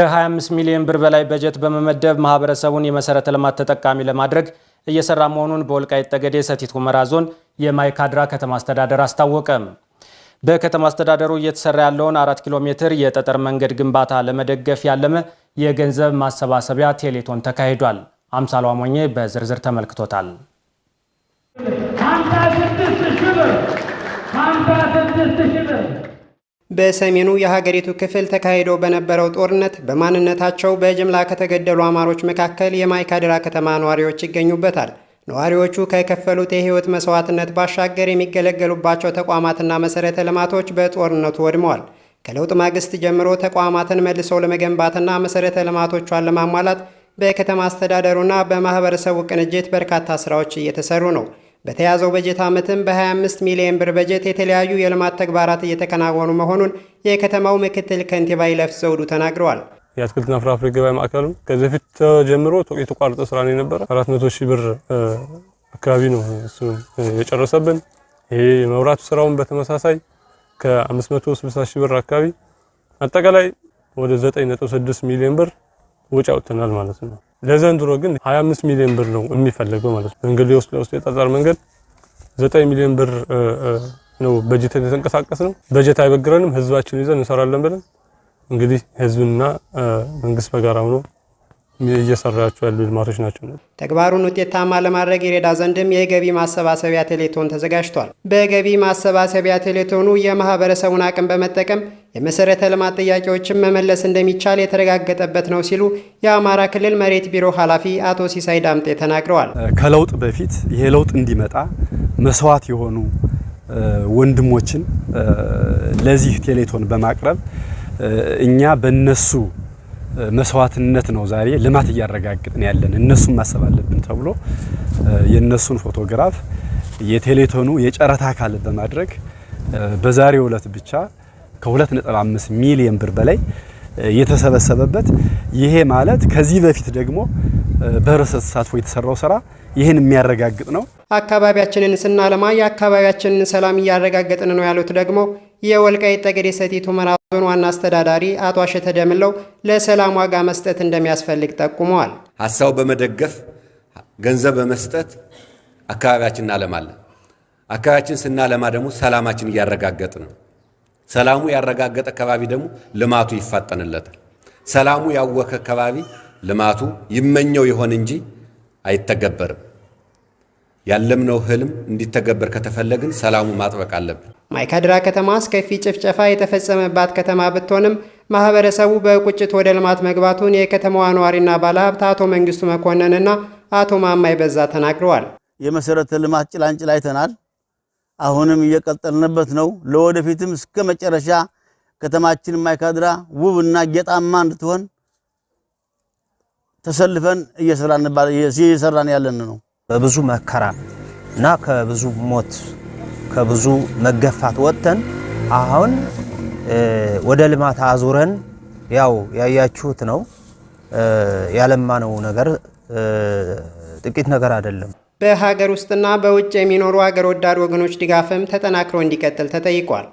ከ25 ሚሊዮን ብር በላይ በጀት በመመደብ ማህበረሰቡን የመሰረተ ልማት ተጠቃሚ ለማድረግ እየሰራ መሆኑን በወልቃይት ጠገዴ ሰቲት ሁመራ ዞን የማይካድራ ከተማ አስተዳደር አስታወቀ። በከተማ አስተዳደሩ እየተሰራ ያለውን አራት ኪሎ ሜትር የጠጠር መንገድ ግንባታ ለመደገፍ ያለመ የገንዘብ ማሰባሰቢያ ቴሌቶን ተካሂዷል። አምሳሉ አሞኜ በዝርዝር ተመልክቶታል። በሰሜኑ የሀገሪቱ ክፍል ተካሂዶ በነበረው ጦርነት በማንነታቸው በጅምላ ከተገደሉ አማሮች መካከል የማይካድራ ከተማ ነዋሪዎች ይገኙበታል። ነዋሪዎቹ ከከፈሉት የሕይወት መስዋዕትነት ባሻገር የሚገለገሉባቸው ተቋማትና መሠረተ ልማቶች በጦርነቱ ወድመዋል። ከለውጥ ማግስት ጀምሮ ተቋማትን መልሶ ለመገንባትና መሠረተ ልማቶቿን ለማሟላት በከተማ አስተዳደሩና በማኅበረሰቡ ቅንጅት በርካታ ሥራዎች እየተሰሩ ነው። በተያዘው በጀት ዓመትም በ25 ሚሊዮን ብር በጀት የተለያዩ የልማት ተግባራት እየተከናወኑ መሆኑን የከተማው ምክትል ከንቲባ ይለፍ ዘውዱ ተናግረዋል። የአትክልትና ፍራፍሬ ገበያ ማዕከሉ ከዚህ በፊት ተጀምሮ የተቋረጠ ስራ ነው የነበረ። 400 ሺህ ብር አካባቢ ነው እሱ የጨረሰብን። ይሄ የመብራቱ ስራውን በተመሳሳይ ከ560 ሺህ ብር አካባቢ አጠቃላይ ወደ 9.6 ሚሊዮን ብር ወጪ አውጥተናል ማለት ነው። ለዘንድሮ ግን 25 ሚሊዮን ብር ነው የሚፈለገው ማለት ነው። እንግዲህ ውስጥ ለውስጥ የጠጠር መንገድ 9 ሚሊዮን ብር ነው በጀት የተንቀሳቀስ ነው። በጀት አይበግረንም፣ ህዝባችን ይዘን እንሰራለን ብለን እንግዲህ ህዝብና መንግስት በጋራ ሆኖ እየሰራቸው ያሉ ልማቶች ናቸው። ተግባሩን ውጤታማ ለማድረግ ይረዳ ዘንድም የገቢ ማሰባሰቢያ ቴሌቶን ተዘጋጅቷል። በገቢ ማሰባሰቢያ ቴሌቶኑ የማህበረሰቡን አቅም በመጠቀም የመሰረተ ልማት ጥያቄዎችን መመለስ እንደሚቻል የተረጋገጠበት ነው ሲሉ የአማራ ክልል መሬት ቢሮ ኃላፊ አቶ ሲሳይ ዳምጤ ተናግረዋል። ከለውጥ በፊት ይሄ ለውጥ እንዲመጣ መስዋዕት የሆኑ ወንድሞችን ለዚህ ቴሌቶን በማቅረብ እኛ በነሱ መስዋዕትነት ነው ዛሬ ልማት እያረጋግጥን ያለን እነሱን ማሰብ አለብን ተብሎ የእነሱን ፎቶግራፍ የቴሌቶኑ የጨረታ አካል በማድረግ በዛሬው ዕለት ብቻ ከ2.5 ሚሊዮን ብር በላይ የተሰበሰበበት ይሄ ማለት ከዚህ በፊት ደግሞ በህብረተሰብ ተሳትፎ የተሰራው ስራ ይህን የሚያረጋግጥ ነው። አካባቢያችንን ስናለማ የአካባቢያችንን ሰላም እያረጋገጥን ነው ያሉት ደግሞ የወልቃይት ጠገዴ ሰቲት ሁመራ ዞን ዋና አስተዳዳሪ አቶ አሸተ ደምለው ለሰላም ዋጋ መስጠት እንደሚያስፈልግ ጠቁመዋል። ሀሳቡ በመደገፍ ገንዘብ በመስጠት አካባቢያችን እናለማለን። አካባቢያችን ስናለማ ደግሞ ሰላማችን እያረጋገጥ ነው። ሰላሙ ያረጋገጠ አካባቢ ደግሞ ልማቱ ይፋጠንለታል። ሰላሙ ያወከ አካባቢ ልማቱ ይመኘው ይሆን እንጂ አይተገበርም። ያለምነው ህልም እንዲተገበር ከተፈለግን ሰላሙ ማጥበቅ አለብን። ማይካድራ ከተማ አስከፊ ጭፍጨፋ የተፈጸመባት ከተማ ብትሆንም ማህበረሰቡ በቁጭት ወደ ልማት መግባቱን የከተማዋ ነዋሪና ባለሀብት አቶ መንግስቱ መኮንንና አቶ ማማይ በዛ ተናግረዋል። የመሰረተ ልማት ጭላንጭል አይተናል። አሁንም እየቀጠልንበት ነው። ለወደፊትም እስከ መጨረሻ ከተማችን ማይካድራ ውብና ጌጣማ እንድትሆን ተሰልፈን እየሰራን ያለን ነው። በብዙ መከራ እና ከብዙ ሞት ከብዙ መገፋት ወጥተን አሁን ወደ ልማት አዙረን ያው ያያችሁት ነው ያለማነው ነገር ጥቂት ነገር አይደለም። በሀገር ውስጥና በውጭ የሚኖሩ ሀገር ወዳድ ወገኖች ድጋፍም ተጠናክሮ እንዲቀጥል ተጠይቋል።